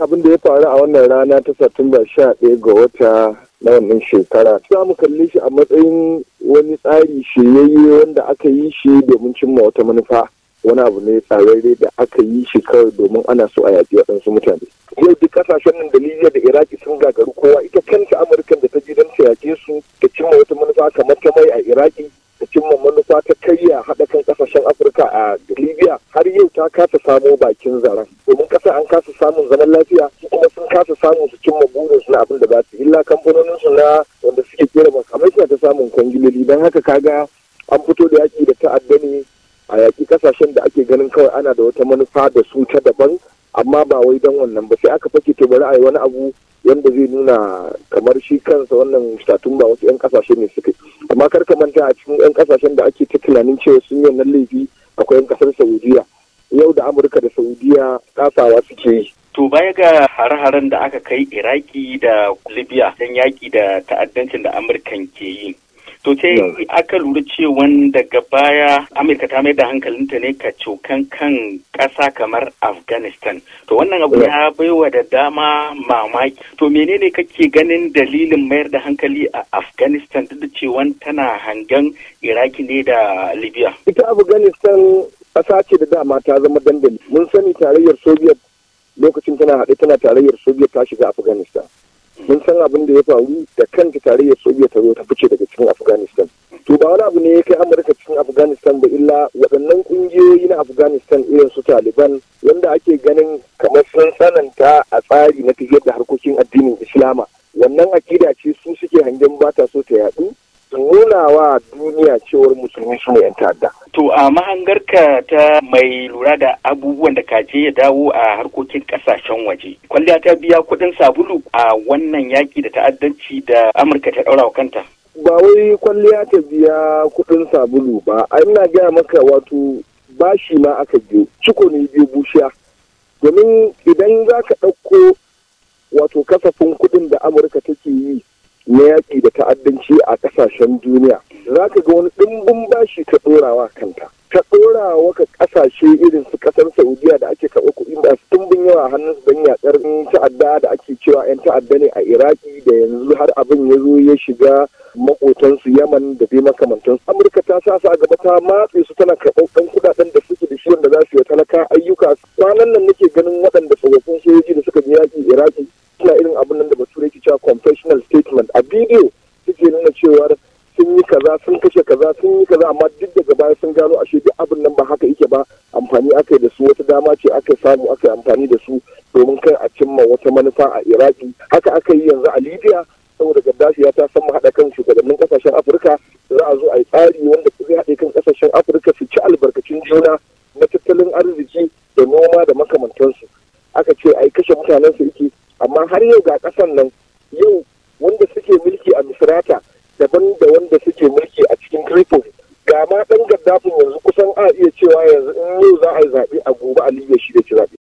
abin da ya faru a wannan rana ta satumba sha ɗaya ga wata na wannan shekara za mu kalle shi a matsayin wani tsari shiryayye wanda aka yi shi domin cimma wata manufa wani abu ne tsararre da aka yi shi kawai domin ana so a yaƙi waɗansu mutane yau duk ƙasashen nan da libya da iraki sun gagaru kowa ita kanta amurkan da ta ji don ta yaƙe su ta cimma wata manufa kamar ta mai a iraki ta cimma manufa ta karya haɗa kan ƙasashen afirka a libya har yau ta kasa samo bakin zaren domin kasa an kasa samun zaman lafiya su kuma sun kasa samun su cimma burin su na abin da za su illa kamfanonin su na wanda suke kera makamai suna ta samun kwangiloli don haka kaga an fito da yaki da ta'adda ne a yaki kasashen da ake ganin kawai ana da wata manufa da su ta daban amma ba wai don wannan ba sai aka fake to bari a yi wani abu yanda zai nuna kamar shi kansa wannan statun ba wasu 'yan kasashe ne suka amma kar ka manta a cikin 'yan kasashen da ake ta tunanin cewa sun yi wannan laifi akwai 'yan kasar saudiya amurka da saudiya kasawa suke yi To baya ga hare-haren da aka kai Iraki da Libya don yaƙi da ta'addancin da Amurkan ke yi. To sai aka lura cewa daga baya Amurka ta mai da hankalinta ne ka cokan kan ƙasa kamar Afghanistan. To wannan abu ya baiwa da dama mamaki. To menene kake ganin dalilin mayar da hankali a Afghanistan duk da cewan tana hangen Iraki ne da Libya? Ita Afghanistan ƙasa ce da dama ta zama dandali mun sani tarayyar soviet lokacin tana haɗe tana tarayyar soviet ta shiga afghanistan mun san abin da ya faru da kanta tarayyar soviet ta zo ta fice daga cikin afghanistan to ba wani abu ne ya kai amurka cikin afghanistan ba illa waɗannan ƙungiyoyi na afghanistan irin su taliban wanda ake ganin kamar sun tsananta a tsari na tafiyar da harkokin addinin islama wannan akida ce su suke hangen bata so ta yaɗu su nuna wa duniya cewar musulmi su ne 'yan ta'adda To a mahangarka ta mai lura da abubuwan da kaje ya dawo a harkokin kasashen waje. Kwalliya ta biya kuɗin sabulu a wannan yaƙi da ta'addanci da Amurka ta ɗaura wa kanta. Ba wai kwalliya ta biya kuɗin sabulu ba, ina gaya maka wato bashi ma aka biyo, ciko ne biyo bushiya. Domin idan za ka ɗauko wato kasafin kuɗin da Amurka take yi na yaƙi da ta'addanci a ƙasashen duniya, za ka ga wani ɗimbin shi ta wa kanta ta ɗora waka ƙasashe irin su ƙasar saudiya da ake karɓa kuɗi da tumbin yawa hannun su don yaƙar ta'adda da ake cewa 'yan ta'adda ne a iraki da yanzu har abin ya zo ya shiga makotansu yaman da dai makamantansu amurka ta sa su a gaba ta matse su tana karɓar ɗan kuɗaɗen da suke da shi wanda za su yi talaka ayyuka kwanan nan nake ganin waɗanda tsofaffin sojoji da suka je yaƙi iraki suna irin abin nan da bature ke cewa confessional statement a bidiyo suke nuna cewar sun yi kaza sun kashe kaza sun yi kaza amma duk daga baya sun gano ashe duk abin nan ba haka yake ba amfani aka yi da su wata dama ce aka samu aka yi amfani da su domin kai a cimma wata manufa a iraki haka aka yi yanzu a libya saboda gaddafi ya ta san haɗa kan shugabannin kasashen afirka za a zo a yi tsari wanda zai haɗe kan kasashen afirka su ci albarkacin juna na tattalin arziki da noma da makamantansu aka ce a yi kashe mutanensu yake amma har yau ga kasan nan yau wanda suke mulki a misrata kafin yanzu kusan a iya cewa yanzu in yau za a yi zaɓe a gobe aliyu ya shi da ci zaɓe